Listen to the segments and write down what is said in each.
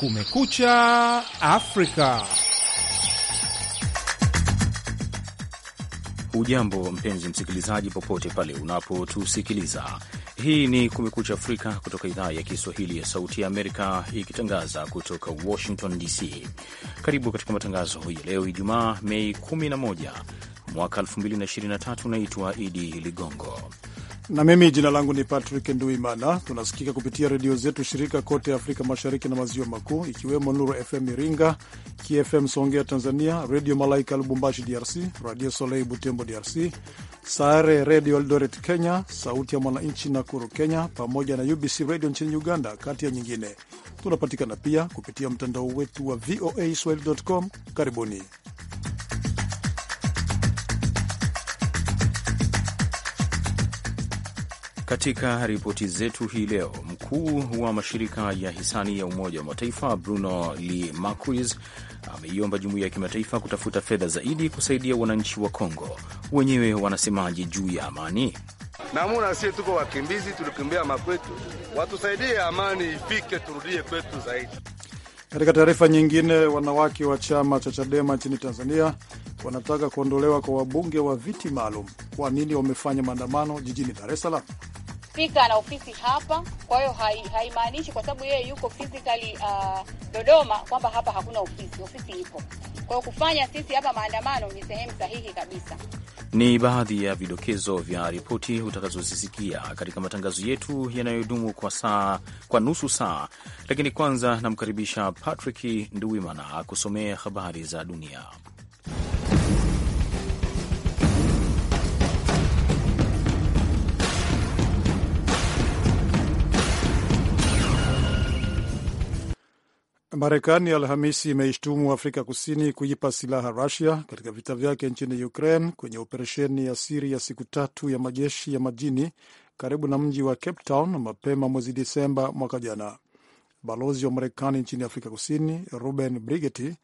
Kumekucha Afrika. Ujambo mpenzi msikilizaji, popote pale unapotusikiliza. Hii ni Kumekucha Afrika kutoka idhaa ya Kiswahili ya Sauti ya Amerika, ikitangaza kutoka Washington DC. Karibu katika matangazo ya leo Ijumaa, Mei 11 mwaka 2023. unaitwa Idi Ligongo na mimi jina langu ni Patrick Nduimana. Tunasikika kupitia redio zetu shirika kote Afrika Mashariki na Maziwa Makuu, ikiwemo Nuru FM Iringa, KFM Songea Tanzania, Redio Malaika Lubumbashi DRC, Radio solei Butembo DRC, sare Redio Eldoret Kenya, Sauti ya Mwananchi Nakuru Kenya, pamoja na UBC Redio nchini Uganda, kati ya nyingine. Tunapatikana pia kupitia mtandao wetu wa VOA swahili.com. Karibuni. Katika ripoti zetu hii leo, mkuu wa mashirika ya hisani ya Umoja wa Mataifa Bruno Lemarquis ameiomba jumuiya ya kimataifa kutafuta fedha zaidi kusaidia wananchi wa Kongo. Wenyewe wanasemaje juu ya amani? Namuna sie tuko wakimbizi, tulikimbia makwetu, watusaidie amani ifike, turudie kwetu zaidi. Katika taarifa nyingine, wanawake wa chama cha Chadema nchini Tanzania wanataka kuondolewa kwa wabunge wa viti maalum. Kwa nini wamefanya maandamano jijini Dar es Salaam? Spika ana ofisi hapa, kwa hiyo haimaanishi hai, kwa sababu yeye yuko physically uh, Dodoma kwamba hapa hakuna ofisi. Ofisi ipo, kwa hiyo kufanya sisi hapa maandamano ni sehemu sahihi kabisa. Ni baadhi ya vidokezo vya ripoti utakazozisikia katika matangazo yetu yanayodumu kwa saa, kwa nusu saa, lakini kwanza namkaribisha Patrick Nduwimana akusomea habari za dunia. Marekani Alhamisi imeishtumu Afrika Kusini kuipa silaha Rusia katika vita vyake nchini Ukraine kwenye operesheni ya siri ya siku tatu ya majeshi ya majini karibu na mji wa Cape Town mapema mwezi Disemba mwaka jana. Balozi wa Marekani nchini Afrika Kusini Ruben Brigeti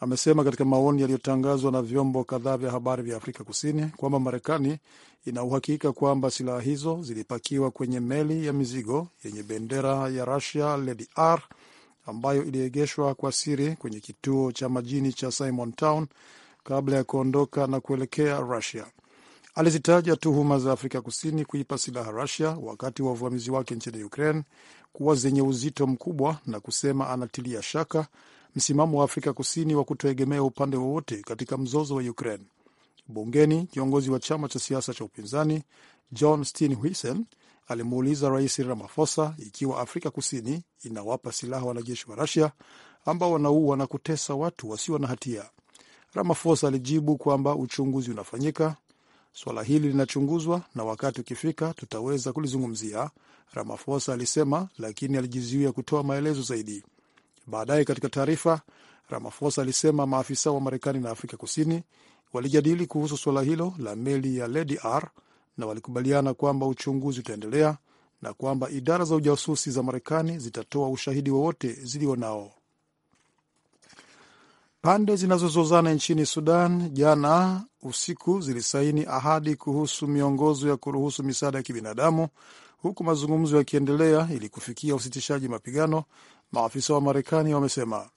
amesema katika maoni yaliyotangazwa na vyombo kadhaa vya habari vya Afrika Kusini kwamba Marekani ina uhakika kwamba silaha hizo zilipakiwa kwenye meli ya mizigo yenye bendera ya Rusia Lady R ambayo iliegeshwa kwa siri kwenye kituo cha majini cha Simon Town kabla ya kuondoka na kuelekea Rusia. Alizitaja tuhuma za Afrika Kusini kuipa silaha Rusia wakati wa uvamizi wake nchini Ukraine kuwa zenye uzito mkubwa na kusema anatilia shaka msimamo wa Afrika Kusini wa kutoegemea upande wowote katika mzozo wa Ukraine. Bungeni, kiongozi wa chama cha siasa cha upinzani John Steenhuisen alimuuliza Rais ramafosa ikiwa Afrika Kusini inawapa silaha wanajeshi wa Rusia ambao wanaua na kutesa watu wasio na hatia. ramafosa alijibu kwamba uchunguzi unafanyika, swala hili linachunguzwa na wakati ukifika tutaweza kulizungumzia, ramafosa alisema, lakini alijizuia kutoa maelezo zaidi. Baadaye katika taarifa, ramafosa alisema maafisa wa Marekani na Afrika Kusini walijadili kuhusu suala hilo la meli ya Lady R na walikubaliana kwamba uchunguzi utaendelea na kwamba idara za ujasusi za Marekani zitatoa ushahidi wowote nao. Pande zinazozozana nchini Sudan jana usiku zilisaini ahadi kuhusu miongozo ya kuruhusu misaada ya kibinadamu huku mazungumzo yakiendelea ili kufikia usitishaji mapigano, maafisa wa Marekani wamesema.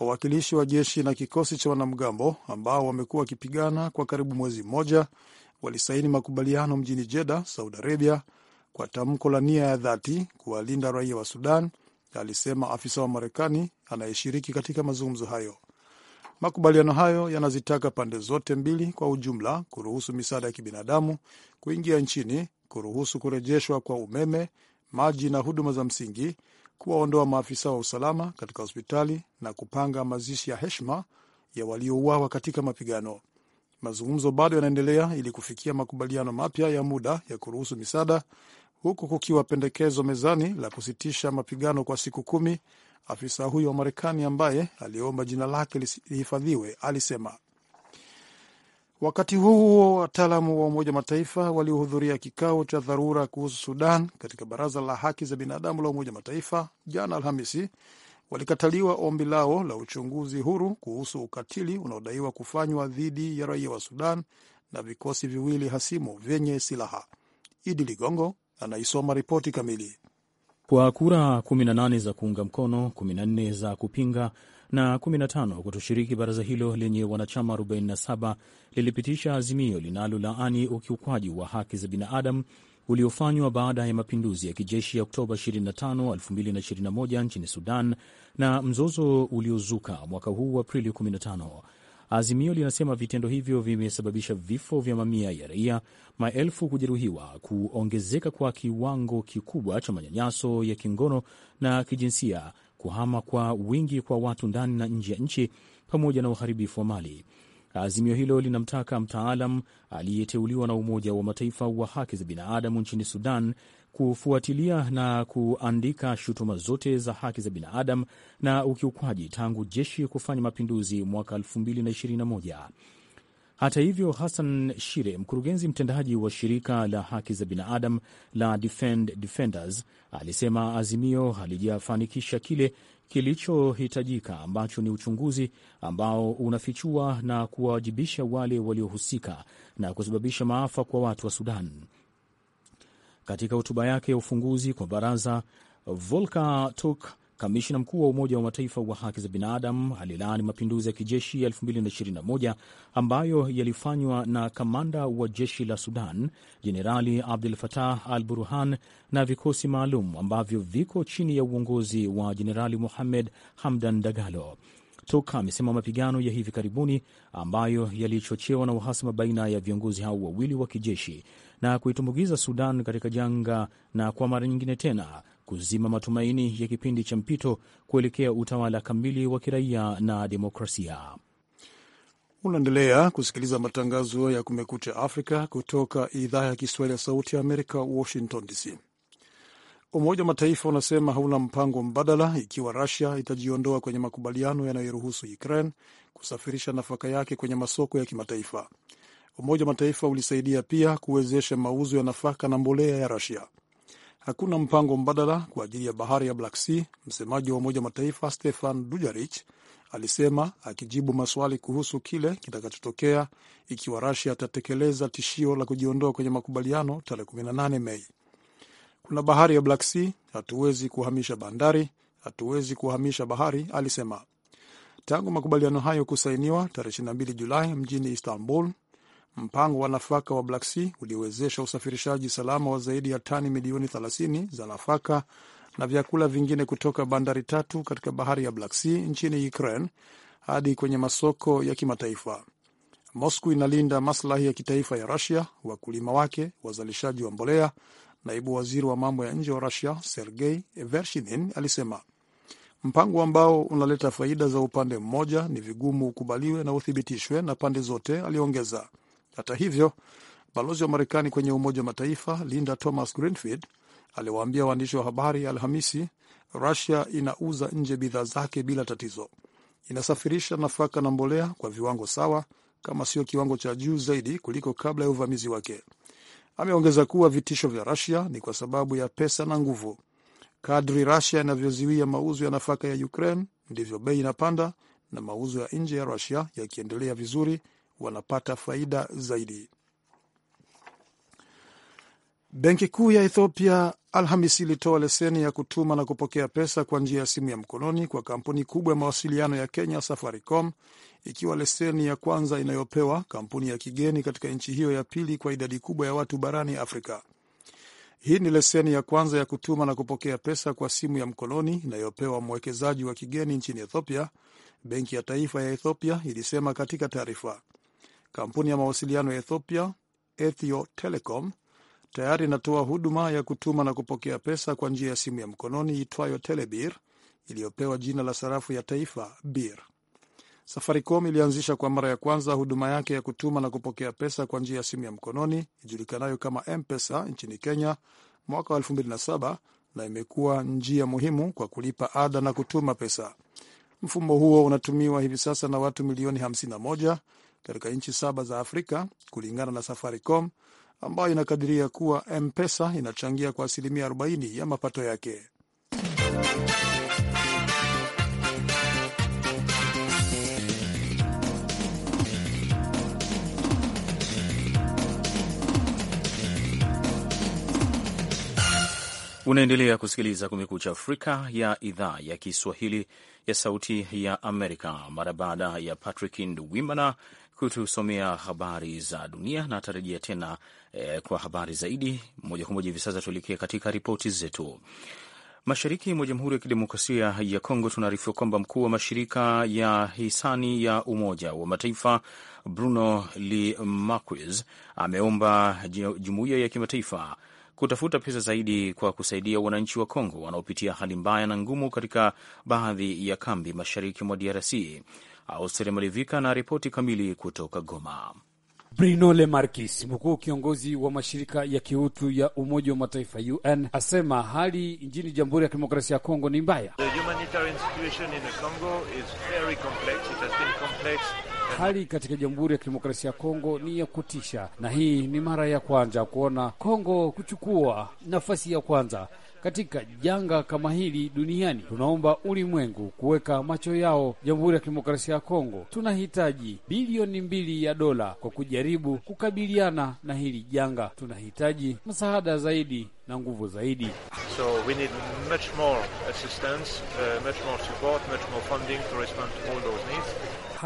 Wawakilishi wa jeshi na kikosi cha wanamgambo ambao wamekuwa wakipigana kwa karibu mwezi mmoja walisaini makubaliano mjini Jeddah, Saudi Arabia, kwa tamko la nia ya dhati kuwalinda raia wa Sudan, alisema afisa wa Marekani anayeshiriki katika mazungumzo hayo. Makubaliano hayo yanazitaka pande zote mbili kwa ujumla kuruhusu misaada ya kibinadamu kuingia nchini, kuruhusu kurejeshwa kwa umeme, maji na huduma za msingi, kuwaondoa maafisa wa usalama katika hospitali na kupanga mazishi ya heshima ya waliouawa katika mapigano. Mazungumzo bado yanaendelea ili kufikia makubaliano mapya ya muda ya kuruhusu misaada, huku kukiwa pendekezo mezani la kusitisha mapigano kwa siku kumi. Afisa huyo wa Marekani ambaye aliomba jina lake lihifadhiwe alisema. Wakati huu huo, wataalamu wa Umoja wa Mataifa waliohudhuria kikao cha dharura kuhusu Sudan katika Baraza la Haki za Binadamu la Umoja wa Mataifa jana Alhamisi walikataliwa ombi lao la uchunguzi huru kuhusu ukatili unaodaiwa kufanywa dhidi ya raia wa Sudan na vikosi viwili hasimu vyenye silaha. Idi Ligongo anaisoma ripoti kamili. Kwa kura 18 za kuunga mkono, 14 za kupinga na 15 kutoshiriki, baraza hilo lenye wanachama 47 lilipitisha azimio linalolaani ukiukwaji wa haki za binadamu uliofanywa baada ya mapinduzi ya kijeshi ya Oktoba 25, 2021 nchini Sudan na mzozo uliozuka mwaka huu Aprili 15. Azimio linasema vitendo hivyo vimesababisha vifo vya mamia ya raia, maelfu kujeruhiwa, kuongezeka kwa kiwango kikubwa cha manyanyaso ya kingono na kijinsia, kuhama kwa wingi kwa watu ndani na nje ya nchi, pamoja na uharibifu wa mali. Azimio hilo linamtaka mtaalam aliyeteuliwa na Umoja wa Mataifa wa haki za binadamu nchini Sudan kufuatilia na kuandika shutuma zote za haki za binadamu na ukiukwaji tangu jeshi kufanya mapinduzi mwaka 2021. Hata hivyo, Hassan Shire, mkurugenzi mtendaji wa shirika la haki za binadamu la Defend Defenders, alisema azimio halijafanikisha kile Kilichohitajika ambacho ni uchunguzi ambao unafichua na kuwawajibisha wale waliohusika na kusababisha maafa kwa watu wa Sudan. Katika hotuba yake ya ufunguzi kwa baraza, Volker Turk Kamishna mkuu wa Umoja wa Mataifa wa haki za binadamu alilaani mapinduzi ya kijeshi ya 2021 ambayo yalifanywa na kamanda wa jeshi la Sudan Jenerali Abdul Fatah al Burhan na vikosi maalum ambavyo viko chini ya uongozi wa Jenerali muhamed Hamdan Dagalo. Toka amesema mapigano ya hivi karibuni ambayo yalichochewa na uhasama baina ya viongozi hao wawili wa kijeshi na kuitumbukiza Sudan katika janga na kwa mara nyingine tena kuzima matumaini ya kipindi cha mpito kuelekea utawala kamili wa kiraia na demokrasia. Unaendelea kusikiliza matangazo ya Kumekucha Afrika kutoka idhaa ya Kiswahili ya Sauti ya Amerika, Washington DC. Umoja wa Mataifa unasema hauna mpango mbadala ikiwa Rusia itajiondoa kwenye makubaliano yanayoruhusu Ukraine kusafirisha nafaka yake kwenye masoko ya kimataifa. Umoja wa Mataifa ulisaidia pia kuwezesha mauzo ya nafaka na mbolea ya Rusia hakuna mpango mbadala kwa ajili ya bahari ya Black Sea, msemaji wa Umoja Mataifa Stefan dujarich alisema akijibu maswali kuhusu kile kitakachotokea ikiwa rasia atatekeleza tishio la kujiondoa kwenye makubaliano tarehe 18 Mei. Kuna bahari ya Black Sea, hatuwezi kuhamisha bandari, hatuwezi kuhamisha bahari, alisema. Tangu makubaliano hayo kusainiwa tarehe 22 Julai mjini Istanbul, Mpango wa nafaka wa Black Sea uliwezesha usafirishaji salama wa zaidi ya tani milioni 30 za nafaka na vyakula vingine kutoka bandari tatu katika bahari ya Black Sea nchini Ukraine hadi kwenye masoko ya kimataifa. Moscow inalinda maslahi ya kitaifa ya Rusia, wakulima wake, wazalishaji wa mbolea. Naibu waziri wa mambo ya nje wa rusia Sergei Vershinin alisema mpango ambao unaleta faida za upande mmoja ni vigumu ukubaliwe na uthibitishwe na pande zote, aliongeza. Hata hivyo, balozi wa Marekani kwenye Umoja wa Mataifa Linda Thomas Greenfield aliwaambia waandishi wa habari Alhamisi Rusia inauza nje bidhaa zake bila tatizo. Inasafirisha nafaka na mbolea kwa viwango sawa, kama sio kiwango cha juu zaidi kuliko kabla ya uvamizi wake. Ameongeza kuwa vitisho vya Rusia ni kwa sababu ya pesa na nguvu. Kadri Rusia inavyoziwia mauzo ya nafaka ya Ukraine ndivyo bei inapanda, na mauzo ya nje ya Rusia yakiendelea vizuri wanapata faida zaidi. Benki Kuu ya Ethiopia Alhamis ilitoa leseni ya kutuma na kupokea pesa kwa njia ya simu ya mkononi kwa kampuni kubwa ya mawasiliano ya Kenya, Safaricom, ikiwa leseni ya kwanza inayopewa kampuni ya kigeni katika nchi hiyo ya pili kwa idadi kubwa ya watu barani Afrika. Hii ni leseni ya kwanza ya kutuma na kupokea pesa kwa simu ya mkononi inayopewa mwekezaji wa kigeni nchini Ethiopia, Benki ya Taifa ya Ethiopia ilisema katika taarifa. Kampuni ya mawasiliano ya Ethiopia, Ethio Telecom, tayari inatoa huduma ya kutuma na kupokea pesa kwa njia ya simu ya mkononi itwayo Telebir iliyopewa jina la sarafu ya taifa bir. Safaricom ilianzisha kwa mara ya kwanza huduma yake ya kutuma na kupokea pesa kwa njia ya simu ya mkononi ijulikanayo kama Mpesa nchini Kenya mwaka wa 2007 na imekuwa njia muhimu kwa kulipa ada na kutuma pesa. Mfumo huo unatumiwa hivi sasa na watu milioni katika nchi saba za Afrika kulingana na Safaricom ambayo inakadiria kuwa M-Pesa inachangia kwa asilimia 40 ya mapato yake. Unaendelea kusikiliza Kumekucha Afrika ya idhaa ya Kiswahili ya Sauti ya Amerika. Mara baada ya Patrick Nduwimana kutusomea habari za dunia na atarejea tena eh, kwa habari zaidi moja kwa moja. Hivi sasa tuelekee katika ripoti zetu. Mashariki mwa Jamhuri ya Kidemokrasia ya Kongo, tunaarifiwa kwamba mkuu wa mashirika ya hisani ya Umoja wa Mataifa Bruno le Lemarquis ameomba jumuiya ya kimataifa kutafuta pesa zaidi kwa kusaidia wananchi wa Kongo wanaopitia hali mbaya na ngumu katika baadhi ya kambi mashariki mwa DRC austeri Malivika na ripoti kamili kutoka Goma. Bruno Lemarquis, mkuu kiongozi wa mashirika ya kiutu ya Umoja wa Mataifa UN, asema hali nchini Jamhuri ya Kidemokrasia ya Kongo ni mbaya. Hali katika Jamhuri ya Kidemokrasia ya Kongo ni ya kutisha, na hii ni mara ya kwanza kuona Kongo kuchukua nafasi ya kwanza katika janga kama hili duniani. Tunaomba ulimwengu kuweka macho yao Jamhuri ya Kidemokrasia ya Kongo. Tunahitaji bilioni mbili ya dola kwa kujaribu kukabiliana na hili janga. Tunahitaji msaada zaidi na nguvu zaidi. So we need much more assistance, uh, much more support, much more funding to respond to all those needs.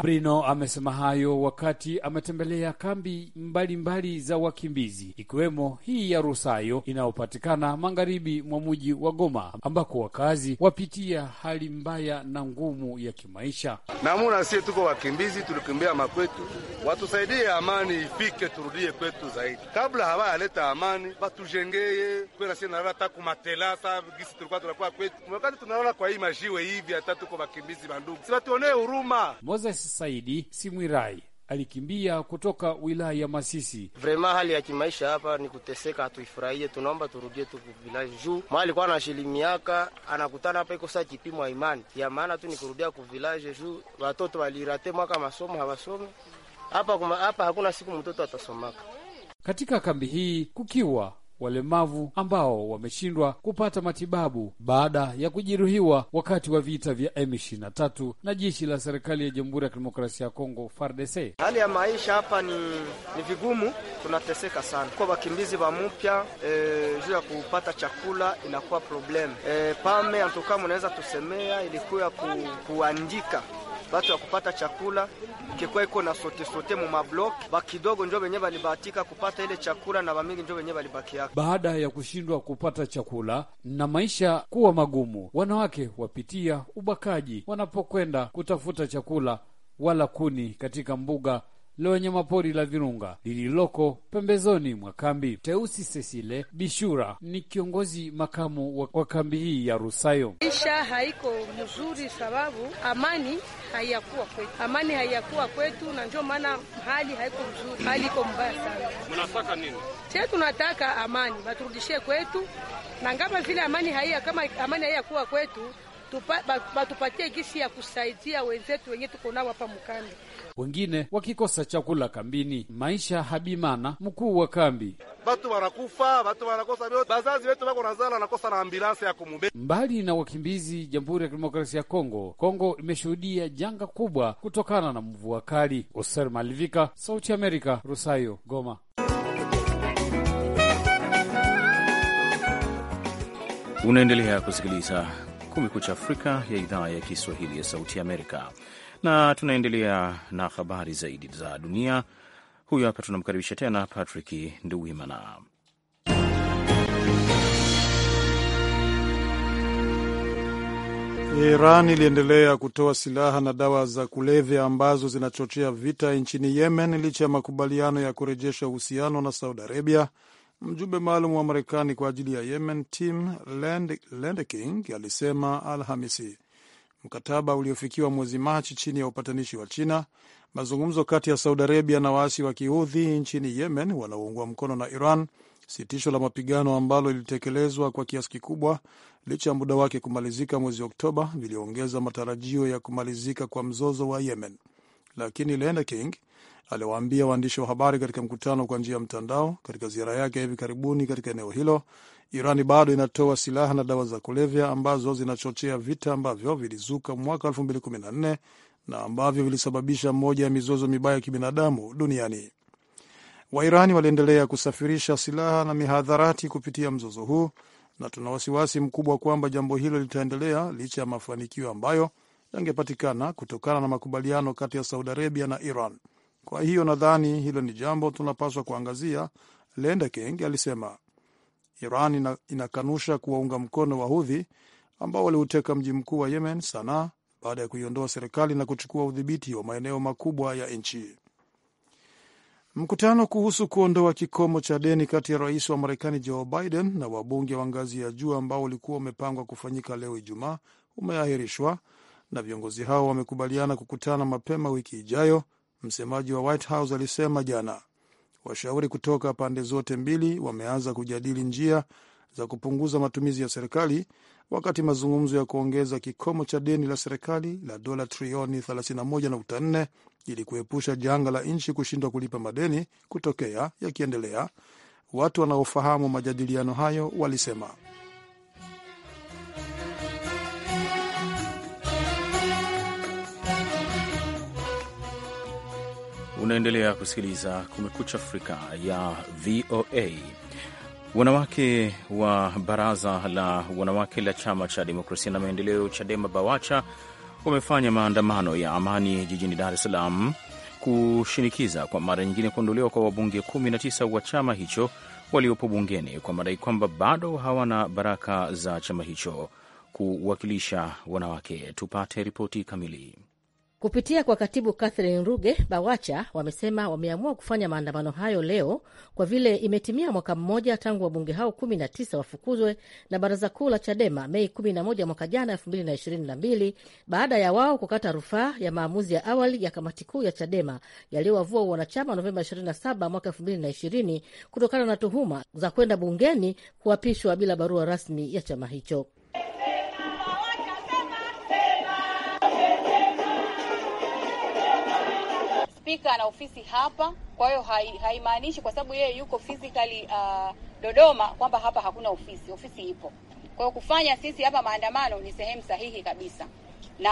Brino amesema hayo wakati ametembelea kambi mbalimbali mbali za wakimbizi ikiwemo hii ya Rusayo inayopatikana magharibi mwa mji wa Goma ambako wakazi wapitia hali mbaya na ngumu ya kimaisha. Namuna sie tuko wakimbizi, tulikimbia makwetu, watusaidie amani ifike, turudie kwetu zaidi. Kabla hawayaleta amani, watujengeye kwenda sisi hata gisi tulikuwa tunakuwa kwetu wakati kwa hii majiwe hivi, hata tuko wakimbizi bandugu, huruma. Moses Saidi Simwirai alikimbia kutoka wilaya ya Masisi. Vrema, hali ya kimaisha hapa ni kuteseka, hatuifurahie. Tunaomba turudie tu kuvilaji juu ma alikuwa na shili miaka anakutana hapa, iko saa kipimo a imani ya maana tu ni kurudia kuvilaji juu watoto walirate mwaka masomo hawasome hapa, hapa hakuna siku mtoto atasomaka katika kambi hii kukiwa walemavu ambao wameshindwa kupata matibabu baada ya kujeruhiwa wakati wa vita vya M23 na jeshi la serikali ya Jamhuri ya Kidemokrasia ya Kongo FARDC. Hali ya maisha hapa ni, ni vigumu, tunateseka sana kwa wakimbizi wa mupya e, juu ya kupata chakula inakuwa problem e, pame antukaa unaweza tusemea ilikuwa ku, kuandika batu ya kupata chakula kikwa iko na sote sote mu mablok bakidogo njo benye balibahatika kupata ile chakula na bamingi njo benye balibaki yake. Baada ya kushindwa kupata chakula na maisha kuwa magumu, wanawake wapitia ubakaji wanapokwenda kutafuta chakula wala kuni katika mbuga la wanyamapori la Virunga lililoko pembezoni mwa kambi. Teusi Sesile Bishura ni kiongozi makamu wa kambi hii ya Rusayo. Isha haiko mzuri, sababu amani haiyakuwa kwetu, amani haiyakuwa kwetu, na ndio maana hali haiko mzuri, hali iko mbaya sana. Mnataka nini? Che, tunataka amani, baturudishie kwetu, na ngama vile amani haiya, kama amani haiyakuwa kwetu batupatie gisi ya kusaidia wenzetu wenye tuko nao hapa mkambi, wengine wakikosa chakula kambini. Maisha Habimana, mkuu wa kambi: batu wanakufa, batu wanakosa vyote, bazazi wetu wako nazala wanakosa na ambulansi ya kumubeba. Mbali na wakimbizi, Jamhuri ya Kidemokrasia ya Kongo, Kongo imeshuhudia janga kubwa kutokana na mvua kali. Oser Malivika, Sauti Amerika, Rusayo, Goma. Unaendelea kusikiliza Kumekucha Afrika ya idhaa ya Kiswahili ya Sauti ya Amerika, na tunaendelea na habari zaidi za dunia. Huyu hapa tunamkaribisha tena Patrick Nduwimana. Iran iliendelea kutoa silaha na dawa za kulevya ambazo zinachochea vita nchini Yemen licha ya makubaliano ya kurejesha uhusiano na Saudi Arabia Mjumbe maalum wa Marekani kwa ajili ya Yemen Tim Lendeking alisema Alhamisi mkataba uliofikiwa mwezi Machi chini ya upatanishi wa China, mazungumzo kati ya Saudi Arabia na waasi wa kiudhi nchini Yemen wanaoungwa mkono na Iran, sitisho la mapigano ambalo lilitekelezwa kwa kiasi kikubwa licha ya muda wake kumalizika mwezi Oktoba, viliongeza matarajio ya kumalizika kwa mzozo wa Yemen, lakini Lendeking aliwaambia waandishi wa habari katika mkutano kwa njia ya mtandao. Katika ziara yake ya hivi karibuni katika eneo hilo, Irani bado inatoa silaha na dawa za kulevya ambazo zinachochea vita ambavyo vilizuka mwaka 2014 na ambavyo vilisababisha moja ya mizozo mibaya ya kibinadamu duniani. Wairani waliendelea kusafirisha silaha na mihadharati kupitia mzozo huu, na tuna wasiwasi mkubwa kwamba jambo hilo litaendelea licha ya mafanikio ambayo yangepatikana kutokana na makubaliano kati ya Saudi Arabia na Iran. Kwa hiyo nadhani hilo ni jambo tunapaswa kuangazia, Lendekeng alisema. Iran inakanusha kuwaunga mkono Wahudhi ambao waliuteka mji mkuu wa Yemen, Sanaa, baada ya kuiondoa serikali na kuchukua udhibiti wa maeneo makubwa ya nchi. Mkutano kuhusu kuondoa kikomo cha deni kati ya rais wa Marekani Joe Biden na wabunge wa ngazi ya juu ambao ulikuwa umepangwa kufanyika leo Ijumaa umeahirishwa na viongozi hao wamekubaliana kukutana mapema wiki ijayo msemaji wa White House alisema jana. Washauri kutoka pande zote mbili wameanza kujadili njia za kupunguza matumizi ya serikali wakati mazungumzo ya kuongeza kikomo cha deni la serikali la dola trilioni 31.4 ili kuepusha janga la nchi kushindwa kulipa madeni kutokea yakiendelea, watu wanaofahamu majadiliano hayo walisema. Unaendelea kusikiliza Kumekucha Afrika ya VOA. Wanawake wa baraza la wanawake la chama cha demokrasia na maendeleo CHADEMA BAWACHA wamefanya maandamano ya amani jijini Dar es Salaam kushinikiza kwa mara nyingine kuondolewa kwa wabunge 19 wa chama hicho waliopo bungeni kwa madai kwamba bado hawana baraka za chama hicho kuwakilisha wanawake. Tupate ripoti kamili. Kupitia kwa katibu Catherine Ruge, BAWACHA wamesema wameamua kufanya maandamano hayo leo kwa vile imetimia mwaka mmoja tangu wabunge hao 19 wafukuzwe na baraza kuu la CHADEMA Mei 11 mwaka jana 2022 baada ya wao kukata rufaa ya maamuzi ya awali ya kamati kuu ya CHADEMA yaliyowavua wanachama Novemba 27 mwaka 2020 kutokana na tuhuma za kwenda bungeni kuapishwa bila barua rasmi ya chama hicho. Spika ana ofisi hapa, kwa hiyo haimaanishi hai, kwa sababu yeye yuko physically uh, Dodoma kwamba hapa hakuna ofisi. Ofisi ipo. Kwa hiyo kufanya sisi hapa maandamano ni sehemu sahihi kabisa, na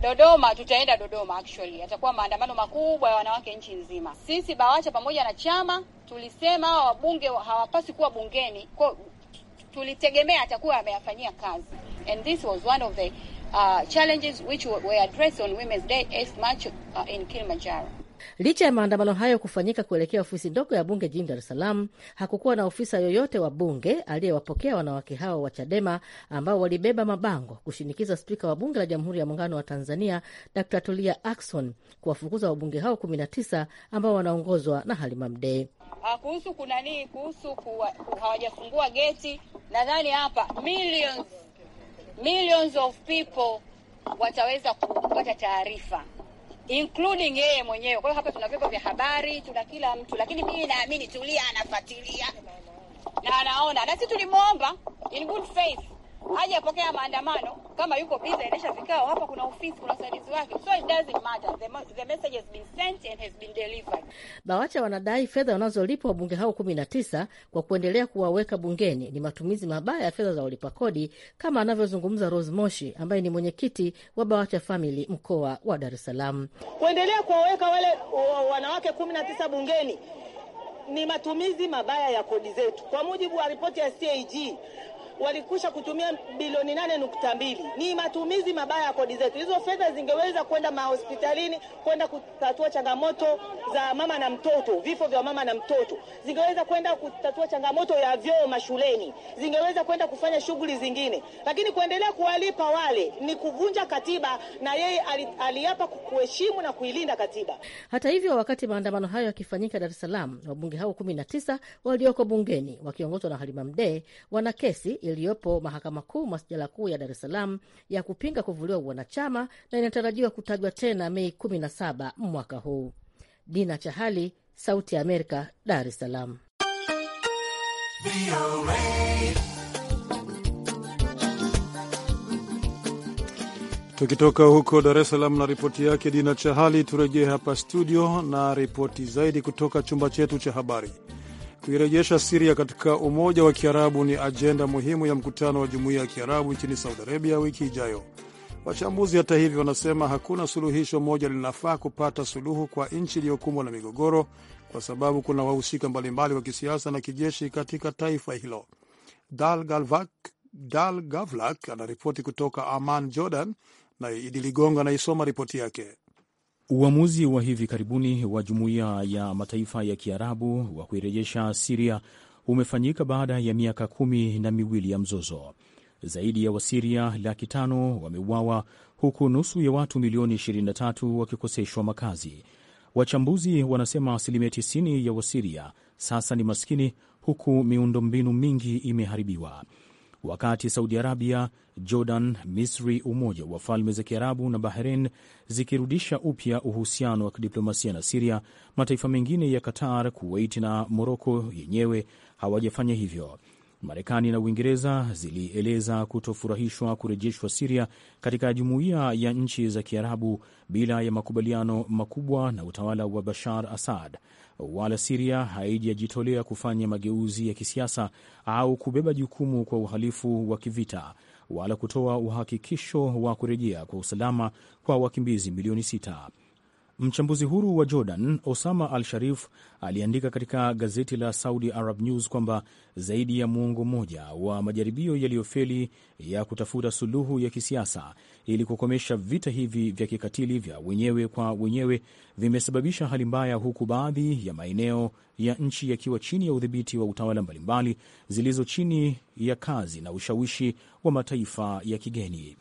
Dodoma tutaenda Dodoma, actually yatakuwa maandamano makubwa ya wanawake nchi nzima. Sisi BAWACHA pamoja na chama tulisema hawa wabunge hawapasi kuwa bungeni, kwa tulitegemea atakuwa ameyafanyia kazi and this was one of the uh, challenges which were addressed on Women's Day as much uh, in Kilimanjaro. Licha ya maandamano hayo kufanyika kuelekea ofisi ndogo ya bunge jijini Dar es Salaam, hakukuwa na ofisa yoyote wa bunge aliyewapokea wanawake hao wa Chadema ambao walibeba mabango kushinikiza spika wa bunge la Jamhuri ya Muungano wa Tanzania d Tulia Ackson kuwafukuza wabunge hao kumi na tisa ambao wanaongozwa na Halima Mdee. Ah, kuhusu kunanii, kuhusu hawajafungua geti, nadhani hapa millions, millions of people wataweza kupata taarifa including yeye mwenyewe. Kwa hiyo hapa tuna vyombo vya habari, tuna kila mtu, lakini mimi naamini Tulia anafuatilia na anaona, na sisi tulimwomba in good faith aje apokea maandamano kama yuko biza, endesha vikao. Hapa kuna ofisi, kuna usaidizi wake, so it doesn't matter, the, the message has been sent and has been delivered. BAWACHA wanadai fedha wanazolipwa wabunge hao kumi na tisa kwa kuendelea kuwaweka bungeni ni matumizi mabaya ya fedha za walipa kodi, kama anavyozungumza Rose Moshi ambaye ni mwenyekiti wa BAWACHA Family mkoa wa Dar es Salaam. Kuendelea kuwaweka wale wanawake kumi na tisa bungeni ni matumizi mabaya ya kodi zetu. Kwa mujibu wa ripoti ya CAG, walikusha kutumia bilioni nane nukta mbili. Ni matumizi mabaya ya kodi zetu. Hizo fedha zingeweza kwenda mahospitalini, kwenda kutatua changamoto za mama na mtoto, vifo vya mama na mtoto, zingeweza kwenda kutatua changamoto ya vyoo mashuleni, zingeweza kwenda kufanya shughuli zingine, lakini kuendelea kuwalipa wale ni kuvunja katiba, na yeye aliapa kuheshimu na kuilinda katiba. Hata hivyo, wakati maandamano hayo yakifanyika Dar es Salaam, wabunge hao 19 walioko bungeni wakiongozwa na Halima Mdee wana kesi iliyopo Mahakama Kuu masjala kuu ya Dar es Salaam ya kupinga kuvuliwa uwanachama na inatarajiwa kutajwa tena Mei 17 mwaka huu. Dina Chahali, Sauti ya Amerika, Dar es Salaam. Tukitoka huko Dar es Salaam na ripoti yake Dina Chahali, turejee hapa studio na ripoti zaidi kutoka chumba chetu cha habari. Kuirejesha Siria katika Umoja wa Kiarabu ni ajenda muhimu ya mkutano wa Jumuiya ya Kiarabu nchini Saudi Arabia wiki ijayo. Wachambuzi hata hivyo, wanasema hakuna suluhisho moja linafaa kupata suluhu kwa nchi iliyokumbwa na migogoro, kwa sababu kuna wahusika mbalimbali wa kisiasa na kijeshi katika taifa hilo. Dal Gavlak, Dal Gavlak anaripoti kutoka aman Jordan, na Idi Ligongo anaisoma ripoti yake. Uamuzi wa hivi karibuni wa Jumuiya ya Mataifa ya Kiarabu wa kuirejesha Siria umefanyika baada ya miaka kumi na miwili ya mzozo. Zaidi ya Wasiria laki tano wameuawa huku nusu ya watu milioni 23 wakikoseshwa makazi. Wachambuzi wanasema asilimia 90 ya Wasiria sasa ni maskini, huku miundombinu mingi imeharibiwa wakati Saudi Arabia, Jordan, Misri, Umoja wa Falme za Kiarabu na Bahrain zikirudisha upya uhusiano wa kidiplomasia na Siria, mataifa mengine ya Qatar, Kuwait na Moroko yenyewe hawajafanya hivyo. Marekani na Uingereza zilieleza kutofurahishwa kurejeshwa Siria katika jumuiya ya nchi za Kiarabu bila ya makubaliano makubwa na utawala wa Bashar Assad wala Siria haijajitolea kufanya mageuzi ya kisiasa au kubeba jukumu kwa uhalifu wa kivita wala kutoa uhakikisho wa kurejea kwa usalama kwa wakimbizi milioni sita. Mchambuzi huru wa Jordan Osama Al Sharif aliandika katika gazeti la Saudi Arab News kwamba zaidi ya muongo mmoja wa majaribio yaliyofeli ya kutafuta suluhu ya kisiasa ili kukomesha vita hivi vya kikatili vya wenyewe kwa wenyewe vimesababisha hali mbaya, huku baadhi ya maeneo ya nchi yakiwa chini ya udhibiti wa utawala mbalimbali zilizo chini ya kazi na ushawishi wa mataifa ya kigeni.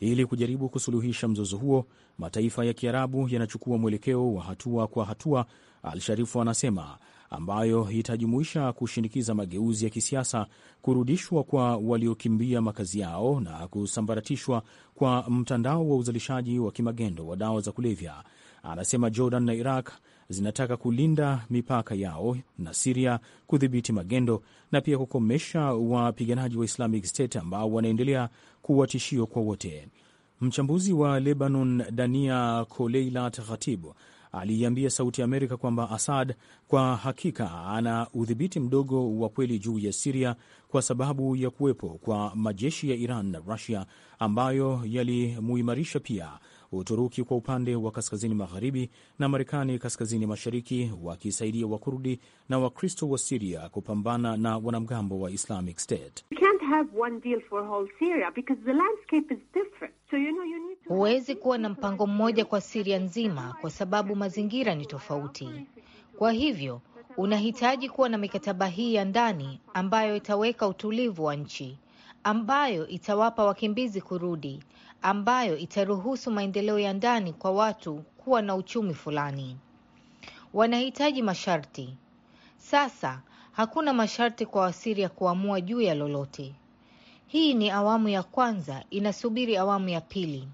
Ili kujaribu kusuluhisha mzozo huo, mataifa ya Kiarabu yanachukua mwelekeo wa hatua kwa hatua, Al-Sharifu anasema, ambayo itajumuisha kushinikiza mageuzi ya kisiasa, kurudishwa kwa waliokimbia makazi yao na kusambaratishwa kwa mtandao wa uzalishaji wa kimagendo wa dawa za kulevya. Anasema Jordan na Iraq zinataka kulinda mipaka yao na Siria, kudhibiti magendo na pia kukomesha wapiganaji wa Islamic State ambao wanaendelea kuwa tishio kwa wote. Mchambuzi wa Lebanon Dania Koleilat Khatib aliiambia Sauti ya Amerika kwamba Asad kwa hakika ana udhibiti mdogo wa kweli juu ya Siria kwa sababu ya kuwepo kwa majeshi ya Iran na Rusia ambayo yalimuimarisha pia Uturuki kwa upande wa kaskazini magharibi na Marekani kaskazini mashariki, wakisaidia Wakurdi na Wakristo wa Siria kupambana na wanamgambo wa Islamic State. Huwezi kuwa na mpango mmoja kwa Siria nzima kwa sababu mazingira ni tofauti. Kwa hivyo unahitaji kuwa na mikataba hii ya ndani ambayo itaweka utulivu wa nchi, ambayo itawapa wakimbizi kurudi, ambayo itaruhusu maendeleo ya ndani kwa watu kuwa na uchumi fulani. Wanahitaji masharti. Sasa hakuna masharti kwa Wasiria kuamua juu ya lolote. Hii ni awamu ya kwanza, inasubiri awamu ya pili.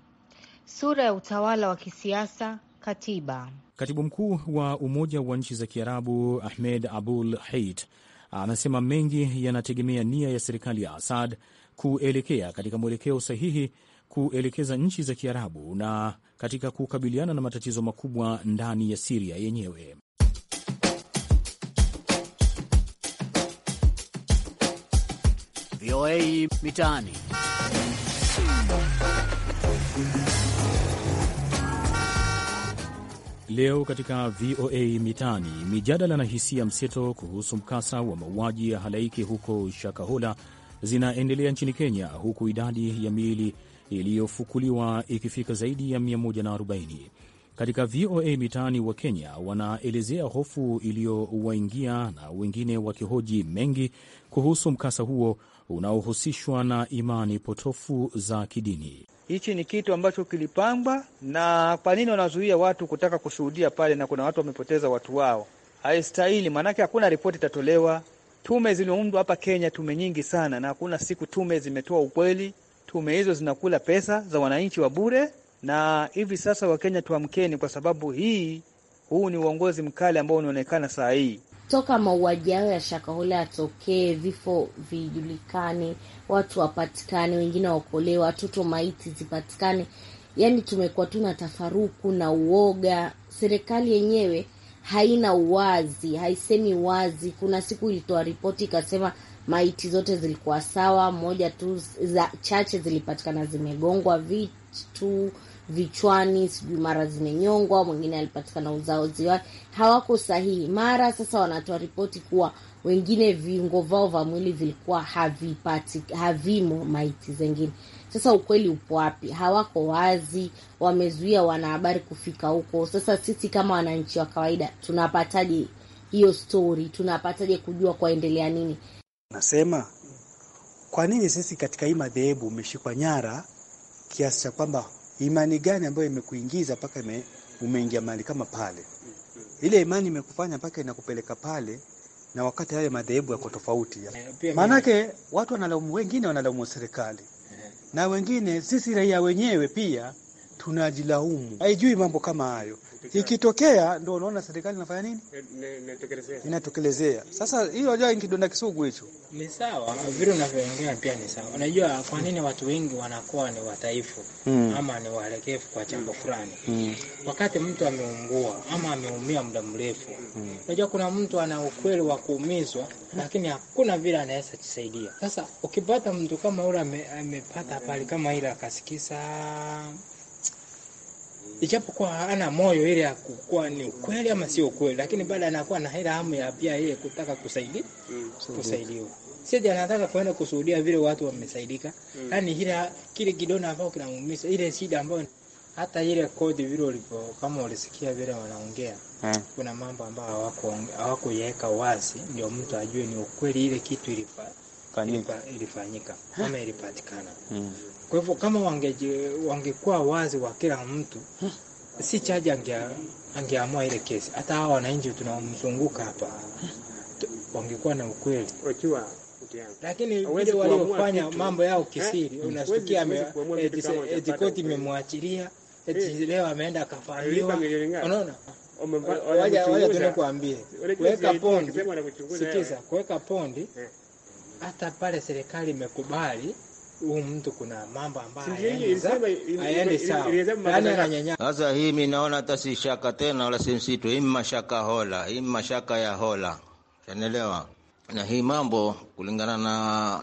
Sura ya utawala wa kisiasa, katiba. Katibu mkuu wa Umoja wa Nchi za Kiarabu Ahmed Abul Heit anasema mengi yanategemea nia ya serikali ya Assad kuelekea katika mwelekeo sahihi kuelekeza nchi za Kiarabu na katika kukabiliana na matatizo makubwa ndani ya Siria yenyewe. VOA Mitaani. Leo katika VOA Mitaani, mijadala na hisia mseto kuhusu mkasa wa mauaji ya halaiki huko Shakahola zinaendelea nchini Kenya, huku idadi ya miili iliyofukuliwa ikifika zaidi ya 140. Katika VOA Mitaani wa Kenya wanaelezea hofu iliyowaingia na wengine wakihoji mengi kuhusu mkasa huo unaohusishwa na imani potofu za kidini. Hichi ni kitu ambacho kilipangwa, na kwa nini wanazuia watu kutaka kushuhudia pale, na kuna watu wamepoteza watu wao? Haistahili, maanake hakuna ripoti itatolewa. Tume ziliundwa hapa Kenya, tume nyingi sana, na hakuna siku tume zimetoa ukweli tume hizo zinakula pesa za wananchi wa bure, na hivi sasa Wakenya tuamkeni, kwa sababu hii huu ni uongozi mkali ambao unaonekana saa hii toka mauaji hayo ya Shakahola yatokee, vifo vijulikane, watu wapatikane, wengine waokolewe, watoto maiti zipatikane. Yaani tumekuwa tu na tafaruku na uoga. Serikali yenyewe haina uwazi, haisemi wazi. Kuna siku ilitoa ripoti ikasema maiti zote zilikuwa sawa, moja tu za chache zilipatikana zimegongwa vitu vichwani, sijui mara zimenyongwa, mwingine alipatikana uzaozi wake, hawako sahihi. Mara sasa wanatoa ripoti kuwa wengine viungo vao vya mwili vilikuwa havipati, havimo maiti zengine. Sasa ukweli upo wapi? Hawako wazi, wamezuia wanahabari kufika huko. Sasa sisi kama wananchi wa kawaida tunapataje hiyo stori? Tunapataje kujua kwaendelea nini? Nasema kwa nini sisi katika hii madhehebu umeshikwa nyara kiasi cha kwamba imani gani ambayo imekuingiza mpaka ime, umeingia mahali kama pale? Ile imani imekufanya mpaka inakupeleka pale, na wakati hayo madhehebu yako tofauti. Eh, Maanake watu wanalaumu, wengine wanalaumu serikali eh. na wengine sisi raia wenyewe pia tunajilaumu, haijui mambo kama hayo. Ikitokea ndo unaona serikali inafanya nini, inatekelezea. Sasa hiyo haja kidonda kisugu hicho. Ni sawa vile unavyoongea, pia ni sawa. Unajua kwa nini watu wengi wanakuwa ni wataifu mm. ama ni waelekevu kwa jambo fulani mm. wakati mtu ameungua ama ameumia muda mrefu mm. unajua kuna mtu ana ukweli wa kuumizwa mm. lakini hakuna vile anaweza jisaidia. Sasa ukipata mtu kama yule amepata pali kama ile akasikisa ijapokuwa ana moyo ile ya kukuwa ni ukweli ama sio ukweli, lakini baada anakuwa na ile hamu ya pia yeye kutaka kusaidia mm. kusaidiwa sisi anataka kwenda kushuhudia vile watu wamesaidika yani mm. Yaani ile kile kidona ambao kinamuumiza ile shida ambayo hata ile kodi vile ulipo kama ulisikia vile wanaongea hmm. Kuna mambo ambayo hawako hawakuiweka wazi ndio mtu ajue ni ukweli ile kitu ilipa, ilipa ilifanyika ama ilipatikana mm. Kwa hivyo kama wangeje, wangekuwa wazi wa kila mtu huh? si chaji angeamua ile kesi. Hata hawa wananchi tunaomzunguka hapa wangekuwa na ukweli, lakini vile waliofanya mambo yao kisiri, unashtukia eti koti imemwachilia eti eh, eh. leo ameenda akafanyiwa. Unaona, waja tunakuambie kuweka pondi, sikiza, kuweka pondi eh. hata pale serikali imekubali huyu mtu kuna mambo ambayo yaani Sasa hii mi naona hata si shaka tena wala si msitu, hii mashaka hola, hii mashaka ya hola, unaelewa? Na hii mambo kulingana na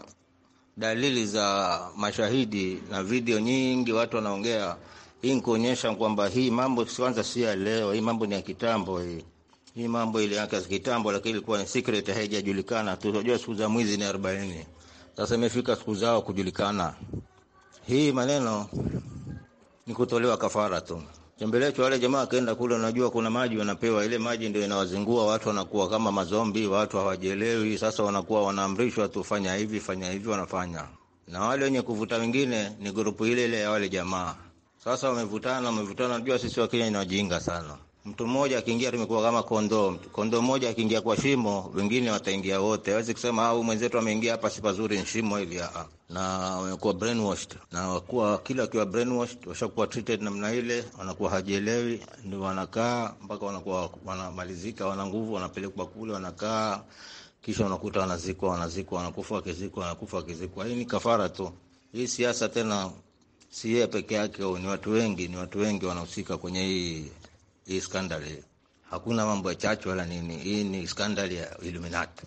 dalili za mashahidi na video nyingi watu wanaongea, hii nikuonyesha kwamba hii mambo kwanza si ya leo, hii mambo ni ya kitambo hii hii mambo ilianza kitambo, lakini ilikuwa ni secret, haijajulikana tu. Unajua siku za mwizi ni arobaini. Sasa imefika siku zao kujulikana. Hii maneno ni kutolewa kafara tu. Tembelecho wale jamaa akaenda kule, unajua kuna maji wanapewa, ile maji ndio inawazingua watu, wanakuwa kama mazombi, watu hawajielewi. Sasa wanakuwa wanaamrishwa tu, fanya hivi, fanya hivi, wanafanya. Na wale wenye kuvuta wengine ni grupu ile ile ya wale jamaa. Sasa wamevutana, wamevutana. najua sisi Wakenya ni wajinga sana Mtu mmoja akiingia tumekuwa kama kondoo. Kondoo mmoja akiingia kwa shimo, wengine wataingia wote. Hawezi kusema au ah, mwenzetu ameingia hapa, si pazuri, ni shimo hili. Na wamekuwa brainwashed, na wakuwa kila akiwa brainwashed, washakuwa treated namna ile, wanakuwa hajielewi, ndio wanakaa mpaka wanakuwa wanamalizika, wana nguvu, wanapelekwa kule, wanakaa kisha unakuta wanazikwa, wanazikwa, wanakufa, wakizikwa, wanakufa, wakizikwa. Hii ni kafara tu. Hii siasa tena si yeye peke yake, ni watu wengi, ni watu wengi wanahusika kwenye hii hii skandali. Hakuna mambo ya chachu wala nini, hii ni skandali ya Illuminati.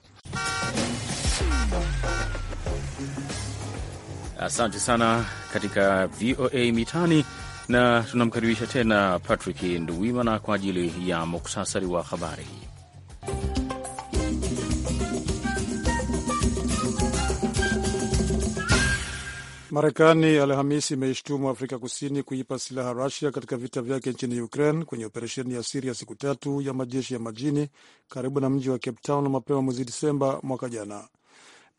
Asante sana katika VOA Mitani, na tunamkaribisha tena Patrick Nduwimana kwa ajili ya muktasari wa habari. Marekani Alhamisi imeishtumu Afrika Kusini kuipa silaha Rusia katika vita vyake nchini Ukraine kwenye operesheni ya siria siku tatu ya majeshi ya majini karibu na mji wa Cape Town mapema mwezi Disemba mwaka jana.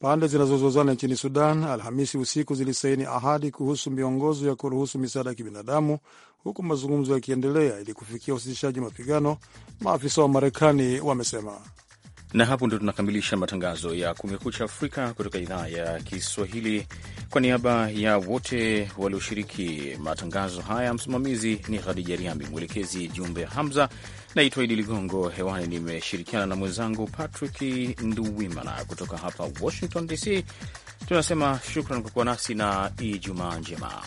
Pande zinazozozana nchini Sudan Alhamisi usiku zilisaini ahadi kuhusu miongozo ya kuruhusu misaada ya kibinadamu, huku mazungumzo yakiendelea ili kufikia usitishaji mapigano, maafisa wa Marekani wamesema. Na hapo ndio tunakamilisha matangazo ya Kumekucha Afrika kutoka idhaa ya Kiswahili. Kwa niaba ya wote walioshiriki matangazo haya, msimamizi ni Khadija Riami, mwelekezi Jumbe Hamza. Naitwa Idi Ligongo, hewani nimeshirikiana na mwenzangu Patrick Nduwimana kutoka hapa Washington DC. Tunasema shukran kwa kuwa nasi na Ijumaa njema.